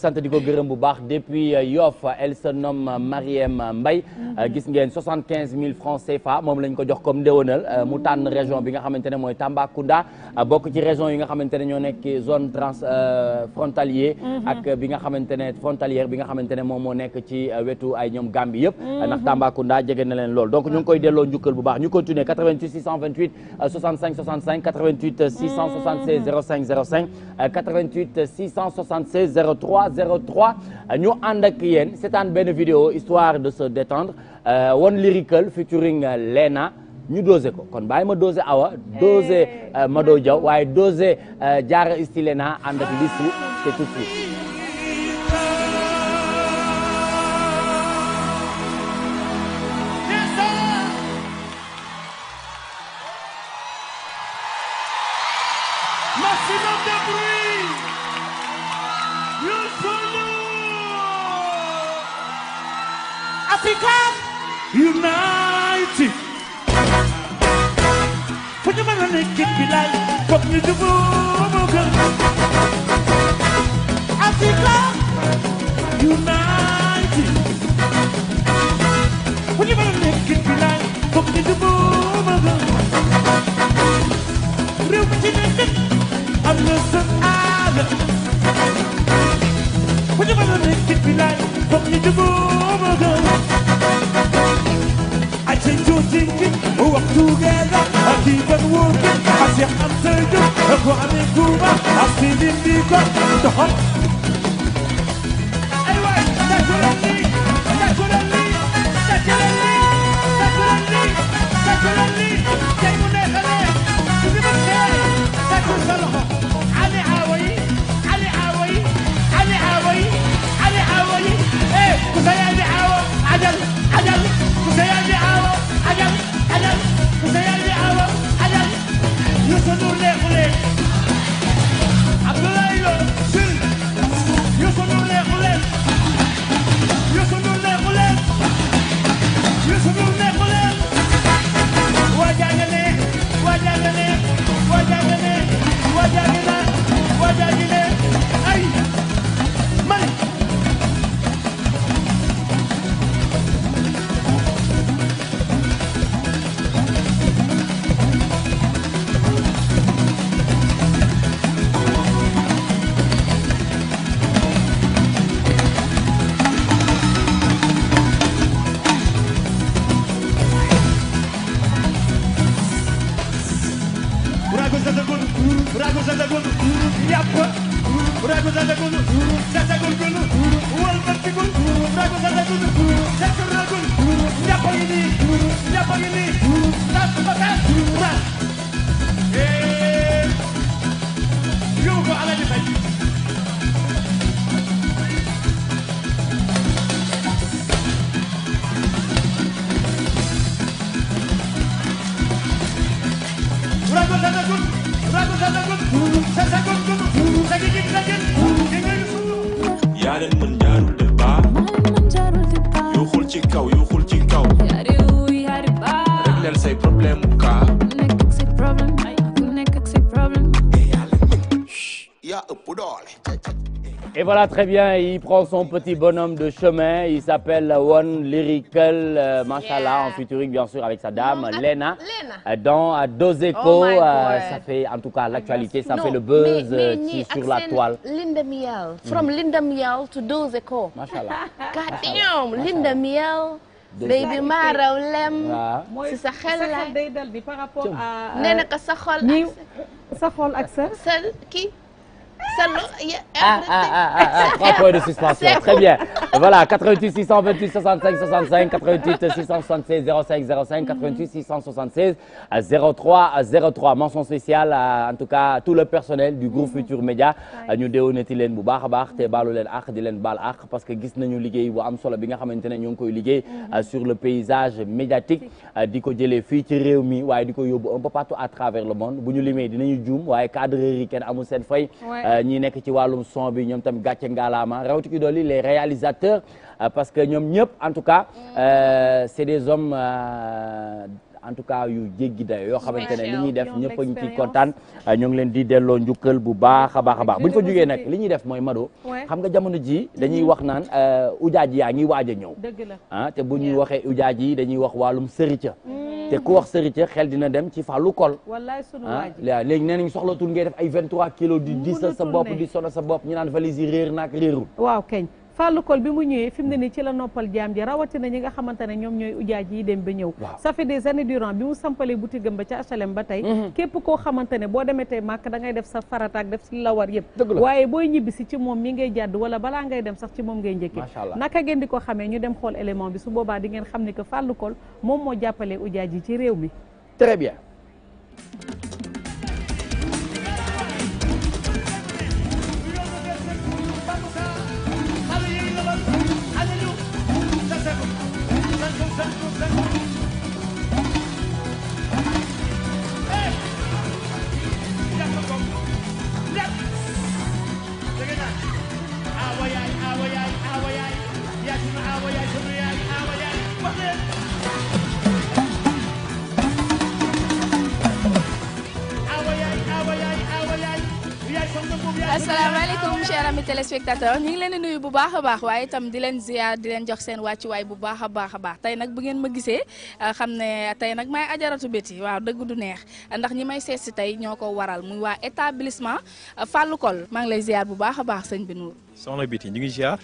sant di ko gërëm bu baax depuis euh, Yoff elle se nomme euh, Mariem Mbaye mhm. euh, gis ngeen francs CFA moom lañ ko jox comme ndéwénal mu tànn région bi nga xamante ne mooy Tambacounda bokk ci région yi nga xamante ne ñoo nekk zone trans frontalier mhm. ak bi nga xamante ne frontalière bi nga xamante moom moo nekk ci wetu ay ñoom Gambie yëpp mhm. ndax Tambacounda jege na leen lool donc ñu ngi koy delloo njukkal bu baax ñu continuer 88 628 65 65 88 676 05 05 88 676 03 ñu ànd ak yéen seetaan benn vidéo histoire de se détendre euh, one lyrical featuring euh, Lena ñu dosé ko kon bàyyi ma dosé Awa dosé eh, euh, Mado Diaw waaye dosé Diarra Istilena ànd ak Lissou te tout de suite foog ñu jublu mu kër Africa United fu ñu mën a nekk bi laay foog ñu jublu mu kër réew mi ci nekk am na seen aada fu ñu mën a nekk bi laay foog ñu jublu ko amin tuuba ak si lim bi ko doxal sekund ratusan sekund nyap ratusan sekund sesekund wal bertikun ratusan sekund sekund sekund nyapa ini nyapa ini satu pakai rat eh yo ko ala di bayi Let's go, let's go. yaa leen mën jaarul de ba yoo xul ci kaw yoo xul ci kaw régleel say problème mu kaa yaa leen mën yaa ëpp doole Et voilà, très bien, petit bonhomme de chemin, il s'appelle One Lyrical, euh, en featuring bien sûr avec sa dame, ah, Lena, Lena, euh, dans Doseko, oh euh, ça fait en tout cas ah, l'actualité, ça non, fait le buzz mais, euh, mais, qui, sur la Linda Miel, from mm. Linda Miel to Doseko. Machallah. God Linda Miel. baby maaraw lem. waaw si sa xel la day dal di par rapport à. Euh, nee na ko sa xol ak sa. sa xol ak sa. sa sa ah trois points de suspension très bien voilà 88 628 65 65 88 676 05 05 88 676 03 03 mention spéciale en tout le personnel du groupe Futur Média a baax te baalu leen àq ne ñu ngi koy liggéey mhm. euh, sur le paysage médiatique euh, di ko jëlee fii ci réew mi waaye di ko yóbbu un peu partout bu ñu limee dinañu juum waaye cadreur yi kenn amul Euh, ñi nekk ci wàllum son bi ñoom tamit gàcce ngaalaama rawati ki dool yi les réalisateurs euh, parce que ñoom ñëpp en tout cas euh, c'est des hommes en tout cas yu jéggi dayo yoo xamante ne li ñuy def ñëpp a ngi ci kontaan euh, ngi leen di delloo njukkal bu baax a baax bu ñu fa jógee nag li ñuy def mooy mado xam nga jamono ji dañuy mhm. wax naan ujaaj euh, yaa ngi waaj a ñëw ah te bu ñuy waxee ujaaj yi dañuy wax wàllum sërica mm. te ku wax sërica xel dina dem ci fàllu kol ah léegi nee nañ soxlatul ngay def ay 23 kilos di di sa sa bopp di sona sa bopp ñu naan valise yi réer naak réerul Fallou Col bi mu ñëwee fi mu ne nii ci la noppal jaam ji rawatina ñi nga xamante ne ñoom ñooy ujaaj yi dem ba ñëw ça fait des années durant bi mu sampalee boutique am ba ca H&M ba tey mm-hmm. képp koo xamante ne boo demee tey màkk da ngay def sa farataak def si la waaye booy ñibbi si ci moom mi ngay jàdd wala balaa ngay dem sax ci moom ngay njëkkee naka ngeen di ko xamee ñu dem xool élément bi su boobaa di ngeen xam ni que Fallou moom moo jàppalee ujaaj yi ci réew téléspectateurs ñu ngi leen nuyu bu baax a baax waaye itam di leen ziar di leen jox seen wàccuwaay bu baax a baax a baax tey nag bu ma gisee ah, xam ne tey nag may ajaratu béti waaw dëgg du neex ndax ñi may seet si tey ñoo ko waral muy waa établissement ah, Fallou Kol maa lay ziar bu baax a baax sëñ bi Nour. soxna Béti ñu ngi ziar.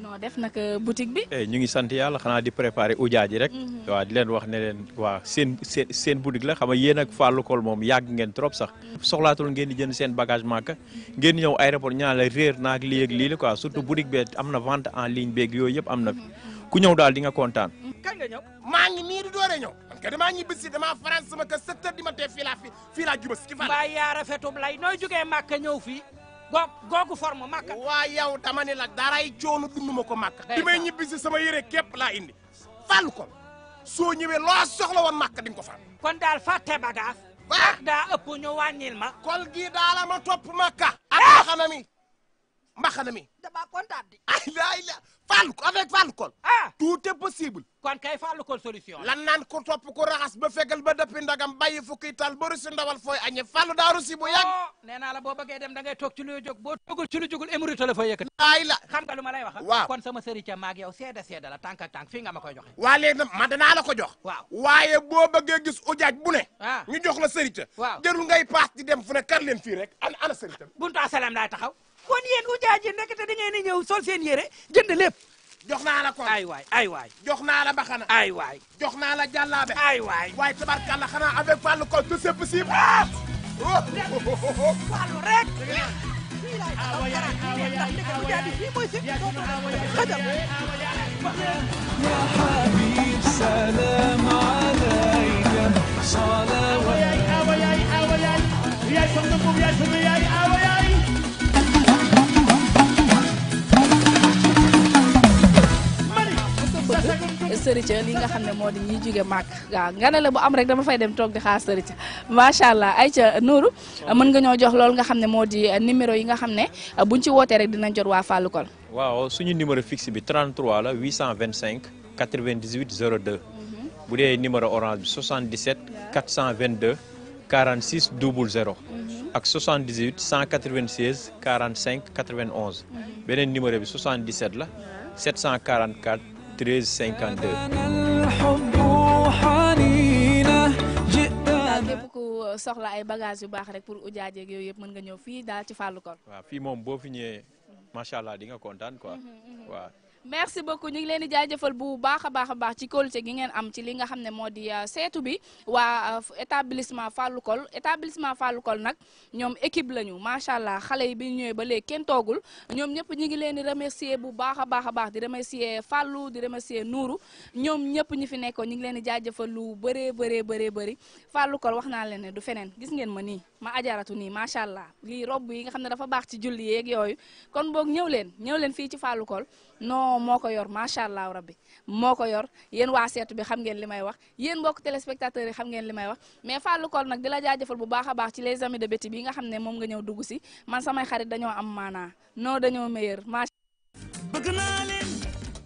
noo def naka euh, boutique bi. Eh, ñu ngi sant yàlla xanaa di préparer ujaa ji rek. Mhm. waaw di leen wax ne leen waa seen seen seen boutique la xam nga yéen ak Fallou Col moom yàgg ngeen trop sax. Mhm. soxlaatul ngeen di jënd seen bagage màkk mhm. ngeen ñëw aéroport ñaan la réer naag lii ak lii la quoi surtout boutique bi am na en ligne beeg yooyu yëpp am ku ñëw daal di kontaan. Mm. maa ngi nii di doore ñëw man ka damaa si damaa France sama kër sept di ma tee fii laa fi fii mbaa yaa rafetub goo googu forme màkka waa yow dama ne la daray coono dund ma ko màkk li may ñibbi si sama yére kepp laa indi fàll ko soo ñëwee loo soxla woon màkk di nga ko fàll kon daal fàtte bagage ak daa ëpp ñu wàññil ma kol gii daala ma topp màkka ak eh! mbaxana mi mi dama kontaan di ay laay Fallou avec Fallou Coll. ah tout possible. kon kay Fallou Coll solution lan naan ku topp ku raxas ba fegal ba dëppi ndagam bàyyi fukki ba rusi ndawal fooy añe Fallou daa rusi bu yàgg. Oh, nee naa la boo bëggee dem da ngay toog ci lu jóg boo toogul ci lu jógul émeri téléphone yëkkati. ay la xam lu ma lay sama sëriñ maag yow seede seede la tànk ak fii nga ma koy joxe. waa léegi nag man danaa la ko jox. waaw waaye boo bëggee gis ujaaj bu ne. Ah. ñu jox la sëriñ ca. waaw jërul ngay paas di dem fu ne kar leen fii rek ana ana sëriñ ca. buntu taxaw kon yéen ujaaj yi nekk te da ngeen di ñëw sol seen yére jënd lépp. jox naa la kon ay waay ay waay jox naa la baxana ay waay jox naa la jàllaabe ay waay waaye tabarkàlla xanaa avec Fallou kon tout c'est possible ah oh! Fallou rek يا حبيب سلام عليك صلوات sëri ca li nga xam ne moo di ñuy jóge màkk waaw nga ne la bu am rek dama fay dem toog di xaar sëri ca macha allah ay ca Nuuru mën nga ñoo jox loolu nga xam ne moo di numéro yi nga xam ne buñ ci wootee rek dinañ jot waa Falloukolle waaw suñu numéro fixe bi 33 la 825 98 02 bu dee numéro orange bi 77 422 46 00 ak 78 196 45 beneen numéro bi 77 la 744 13 52. képp ku soxla ay bagage yu baax rek pour ujaajeeg yooyu yëpp mën nga ñëw fii daal ci Fallou Koll. waaw fii boo fi ñëwee macha allah di kontaan quoi mm-hmm, mm-hmm. waaw. merci beaucoup ñu ngi leen di jaajëfal bu baax a baax a baax ci kóolute gi ngeen am ci li nga xam ne moo di euh, seetu bi waa euh, établissement Fallou Col établissement Fallou kool nag ñoom équipe lañu macha allah xale yi bi ñu ñëwee ba léegi kenn toogul ñoom ñëpp ñu ngi leen di remercier bu baax baax a baax di remercier Fallou di remercier Nourou ñoom ñëpp ñi fi nekkoon ñu ngi leen di jëfal lu bëre bëree bëre bëri Fallou Col wax naa leen ne du feneen gis ngeen ma ni ma ajaratu nii macha allah lii robb yi nga xam ne dafa baax ci julli yeeg yooyu kon boog ñëw leen ñëw leen fii ci Fallou moom moo ko yor macha allah rabbi moo ko yor yéen waa seetu bi xam ngeen li may wax yéen mbokk téléspectateurs yi xam ngeen li may wax mais Fallou Koll nag di la jaajëfal bu baax a baax ci les amis de Béti bi nga xam ne moom nga ñëw dugg si man samay xarit dañoo am maanaa non dañoo meilleur macha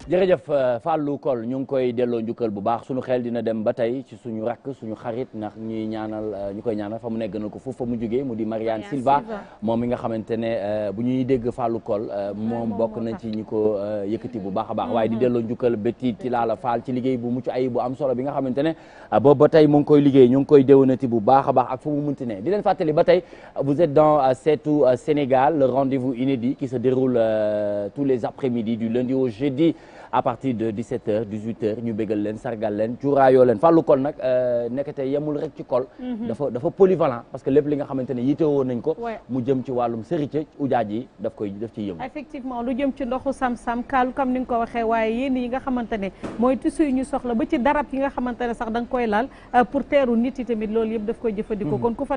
jërëjëf euh, Fallou Col ñu ngi koy delloo njukkal bu baax suñu xel dina dem ba tey ci suñu rakk suñu xarit ndax ñuy ñaanal euh, ñu koy ñaanal fa mu nekk gënal ko foofu fa mu jógee mu di Marianne Silva moom mi nga xamante ne euh, bu ñuy dégg Fallou Col ah, moom bokk na ci ñu ko yëkkati bu baax a baax mm-hmm. waaye di delloo njukkal bétti ci laala faal ci liggéey bu mucc ay bu am solo bi nga xamante ne boobu ba tey mu ngi koy liggéey ñu ngi koy déwénati bu baax baax ak fu mu munti ne di leen fàttali ba tey vous êtes dans Seetu Sénégal le rendez-vous inédit qui se les après-midi du lundi au jeudi à partir de 17h 18h ñu bégal leen sargal leen cuuraayoo leen fàllu kol nag euh, nekkate yemul rek ci kol mhm. dafa polyvalent parce que lépp li nga yite woon nañ ko mu jëm ci wàllum sërite ujaaj yi daf koy daf ciy yëngu effectivement lu jëm ci ndoxu sam-sam kaalu comme ni ko waxee waaye yéen yi nga xamante mooy tissu yi ñu soxla ba ci darab yi nga xamante sax da koy laal euh, pour teeru nit yi tamit loolu yëpp daf koy jëfandikoo mhm. kon ku fa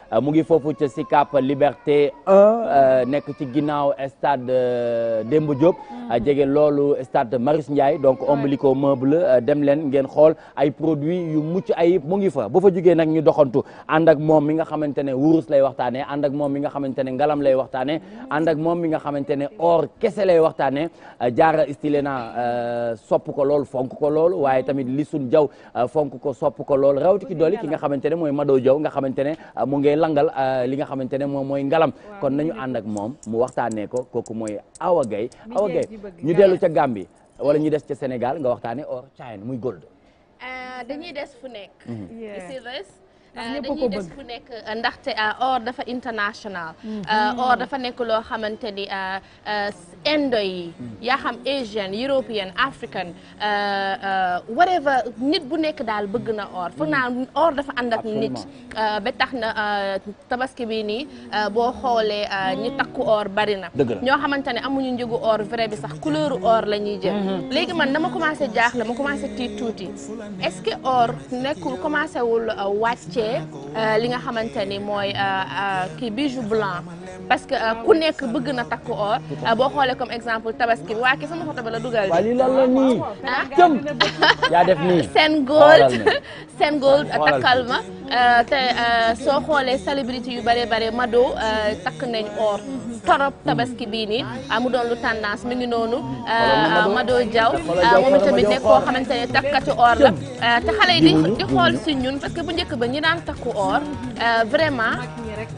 Euh, mu ngi foofu ca Sicap Liberté 1 euh, nekk ci ginnaaw stade euh, Demba Diop mhm. jege loolu stade Marius Ndiaye donc ombilico meuble dem leen ngeen xool ay produits yu mucc ay mu ngi fa ba fa jugee nag ñu doxantu ànd ak moom mi nga xamante ne wurus lay waxtaanee ànd ak moom mi nga xamante ne ngalam lay waxtaanee mhm. ànd moom mi nga xamante ne or kese lay waxtaanee jaar style na sopp ko lool fonk ko lool waaye tamit li sun jaw fonk ko sopp ko lool rawti ki dooli ki nga xamante ne mooy Mado Jaw nga xamante ne mu ngi langal euh, li nga xamante ne moom mooy ngalam kon nañu ànd ak moom mu waxtaanee ko kooku mooy Awa Gaye Awa Gaye ñu dellu ca Gambie wala ñu des ca Sénégal nga waxtaanee or Chine muy gold euh, dañuy des fu nekk mhm. Euh, dañuy des fu nekk euh, ndaxte euh, or dafa international mm-hmm. or dafa nekk loo xamante ni indo yi mm-hmm. yaa xam asian european african whatever nit bu nekk daal bëgg na or foog naa mm-hmm. or dafa ànd ak nit ba tax na tabaski bii nii boo xoolee ñi takku or bari na ñoo xamante ne amuñu njëgu or vrai bi sax couleur or la ñuy jël léegi man dama commencé jaaxle ma commencé tiit tuuti est-ce que or nekkul commencé wàcce Euh, li nga xamante ni mooy euh, euh, kii bijou blanc parce que ku nekk bëgg na takk or boo xoolee comme exemple tabaski bi waa kii sama photo ba la dugal bi. waaw lii ah? seen gold seen gold takkal Euh, te euh, soo xoolee célébrité yu bare bare Mado euh, takk nañ or torop tabaski bii nii ah, mu doon lu tendance mi ngi noonu ah, Mado Diaw ah, moom itamit nekk koo xamante ne takkati or la te xale yi di xool si ñun parce que bu njëkk ba ñi daan takku or vraiment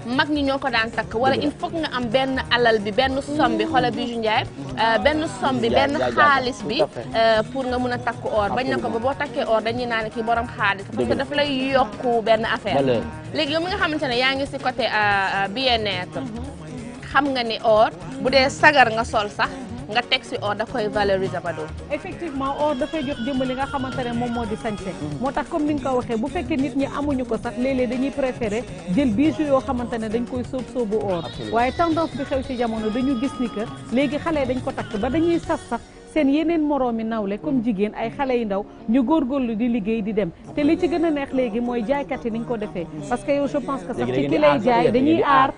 mag ñi ñoo ko daan takk wala il faut nga am benn alal bi benn somme bi xoolal Bijou Ndiaye euh, benn somme bi benn xaalis bi euh, pour nga mun a takk or bañ na ko ba boo takkee or dañuy naan kii borom xaalis parce que daf lay yokk benn affaire léegi yow mi nga xamante ne yaa ngi si côté euh, bien-être mhm. xam nga ni or bu dee sagar nga sol sax nga teg si or da koy valoriser ba doon effectivement or dafay jox dimbali nga xamante ne moom moo di sañse moo tax comme ni ñu ko waxee bu fekkee nit ñi amuñu ko sax léeg dañuy préféré jël bijou yoo xamante ne dañ koy sóob sóobu or waaye tendance bi xew si jamono dañu gis ni que léegi xale dañ ko takk ba dañuy sas sax seen yeneen moroomi nawle comme hmm. jigéen ay xale yu ndaw ñu góorgóorlu di liggéey di dem te li ci gën a neex léegi mooy jaaykat yi ni nga ko defee parce que yow je pense que sax ci ki lay jaay dañuy aar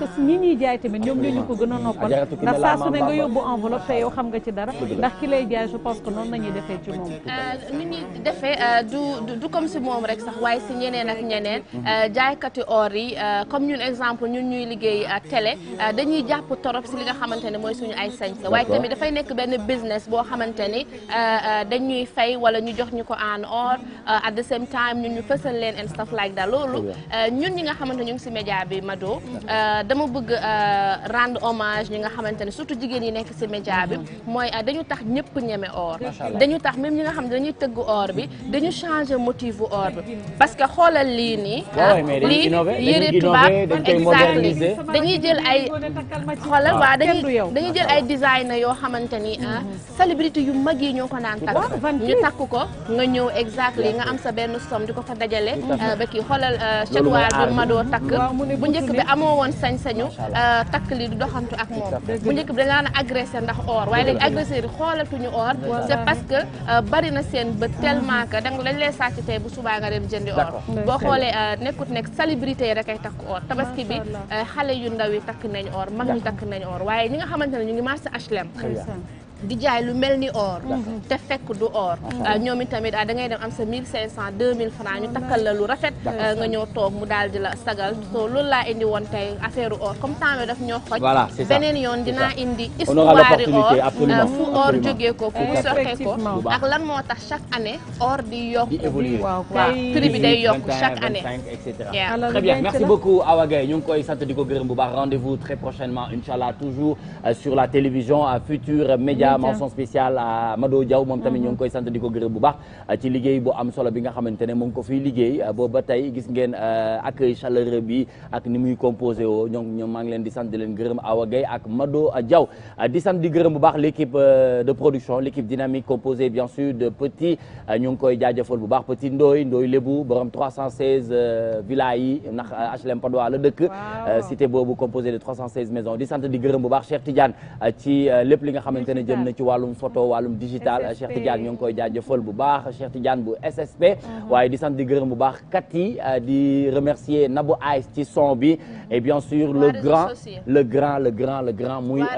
que ñuy jaay tamit ñoom ñoo ko gën a noppal ah, ndax xam nga ci dara ndax ki lay jaay je pense que noonu nañuy defee ci moom euh, ni ñuy euh, du du comme si moom rek sax waaye si ñeneen ak ñeneen hmm. euh, jaaykati or yi comme ñun exemple ñun ñuy liggéey télé dañuy jàpp torop si li nga xamante ne mooy suñu ay sa waaye tamit dafay nekk benn business boo xamante ni euh, euh, dañuy fay wala ñu jox ñu ko en or euh, at the same time ñun ñu fësal leen and stuff like that loolu ñu ñi nga xamante ñu ngi si média bi Mado dama bëgg rendre hommage ñi nga xamante ne surtout jigéen yi nekk média bi mooy dañu tax ñëpp ñeme or dañu tax même ñi nga xam ne dañuy tëgg or bi dañu changer motif or bi parce que xoolal lii nii lii yëre tubaab exactly dañuy jël ay xoolal waaw dañuy jël ay designer yoo xamante ah. ah célébrité yu mag yi ñoo ko naan takk ñu takk ko nga ñëw yi nga am sa benn somme di ko fa dajale euh, ba kii xoolal euh, chagwaar bi madoo takk bu njëkk bi amoo woon sañ-sañu euh, takk li du doxantu ak moom bu njëkk bi danaa na agressé ndax or waaye léegi agresseur yi xoolatuñu or c'est que bari na seen ba tellement que danga dañ lay sàcc tey bu subaa nga dem jëndi or boo xoolee nekkut nekk célébrité yi rek ay takk or tabaski bi xale yu ndaw yi takk nañ or mag ñu takk nañ or waaye ñi nga xamante ne ñu ngi marché HLM di jaay lu mel ni or mm-hmm. Mm-hmm. te fekk du or mm-hmm. euh, ñoom itamit ah, da ngay dem am sa 1500 2000 francs ñu takkal la lu rafet euh, nga ñëw toog mu daal di la sagal so loolu laa indi woon tey affaire or comme temps bi daf ñoo xoj beneen yoon dinaa indi histoire or euh, fu or jógee ko fu mu ko ak lan moo tax chaque année or di yokku waaw prix bi day yokku chaque année très bien merci beaucoup Awa ñu ngi koy sant di ko gërëm bu baax rendez-vous très prochainement inchallah toujours sur la télévision Dia mention spéciale à Mado Diaw moom tamit ñu ngi mm-hmm. koy sant di ko gërëm bu baax euh, ci liggéey bu am solo bi nga xamante ne mu ngi ko fiy liggéey euh, booba tey gis ngeen euh, accueil bi ak ni muy composé woo ñoom leen di sant di leen gërëm Awa ak Mado Diaw di sant di gërëm bu baax l' équipe de production l' équipe dynamique composée bien sûr de petit ñu ngi koy jaajëfal bu baax petit Ndoy Ndoy Lebu borom 316 villa yi ndax HLM la dëkk cité boobu composé na ci wàllum photo wàllum digital Cheikh Tidiane ñoo ngi koy jaajëfal bu baax Cheikh Tidiane bu SSP uh-huh. waaye di sant di gërëm bu baax kat yi euh, di remercier Nabou Aïs ci son bi uh-huh. et bien sûr le grand le grand le grand le grand muy waa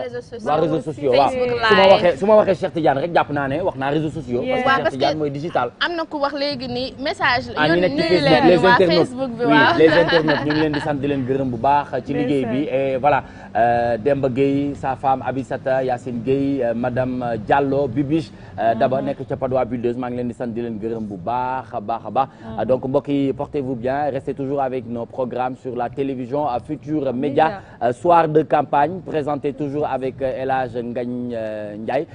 réseaux sociaux waaw su ma waxee su ma waxee Cheikh Tidiane rek jàpp naa ne wax naa réseaux sociaux parce que Cheikh Tidiane mooy digital am na ku wax léegi ni message ah ñu nekk ci Facebook les internautes oui les ñu ngi leen di sant di leen gërëm bu baax ci liggéey bi et voilà euh, Demba Gueye sa femme Abisata Yacine Gueye euh, madame euh, Diallo Bibiche euh, mhm. daba nekk ca Padois Buldeuse maa ngi leen di sant di leen gërëm bu baax a baax a baax mhm. euh, donc mbokk portez-vous bien restez toujours avec nos programmes sur la télévision à Futurs Médias soir de campagne présenté toujours avec El Hadj Ngagne Ndiaye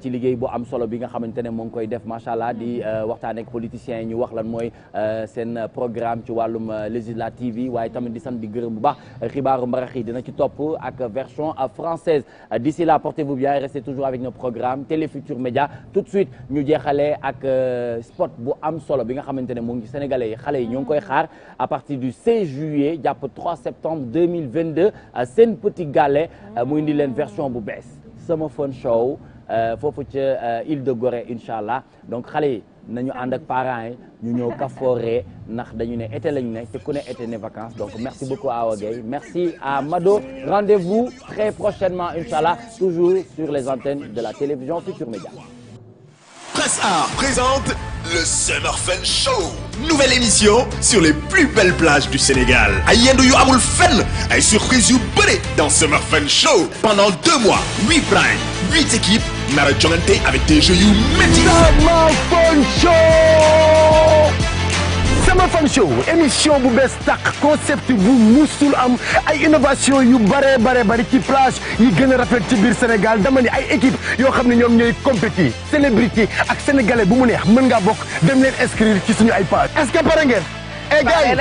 ci liggéey bu am solo bi nga xamante ne moo ngi koy def macha allah di mhm. waxtaan ak politiciens yi ñu wax lan mooy seen programme ci wàllum législative yi waaye tamit di sant di gërëm bu baax xibaaru mbarax dina ci topp ak version française d'ici là portez-vous bien nos programme Télé Futurs Médias tout de suite ñu jeexalee ak euh, spot bu am solo bi nga xamante ne mu ngi sénégalais yi xale yi ñoo ngi koy xaar à partir du 16 juillet jàpp 3 septembre 2022 seen petit galet euh, mu indi leen version bu bees sama fun show euh, foofu ca Île de Gorée incha allah donc xale yi nañu ànd ak parents yi ñu ñëw kafooree ndax dañu ne été lañu ne te ku ne été ne donc merci beaucoup Awa Gueye merci à Mado rendez-vous très prochainement inchallah toujours sur les antennes de la télévision Futur Média Presse Art présente le Summer Fun Show nouvelle émission sur les plus belles plages du Sénégal ay yendu yu amul fenn ay surprises yu bëri dans Summer Fun Show pendant deux mois huit équipes nar a jongante avec des jeux yu métti. sama fan show. sama fan show émission bu bees tàq concept bu musul am ay innovation yu bare bare bari ci plage yi gën a rafet ci biir Sénégal dama ni ay équipe yoo xam ne ñoom ñooy compétit célébrité ak sénégalais bu mu neex mën ngaa bokk dem leen inscrire ci suñu ay page est-ce que pare ngeen. et gars yi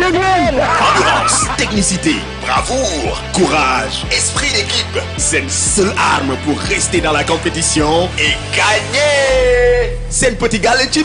yëg leen ambiance courage esprit d'équipe seen seule arme pour rester dans la compétition et gagner seen petit gàll ci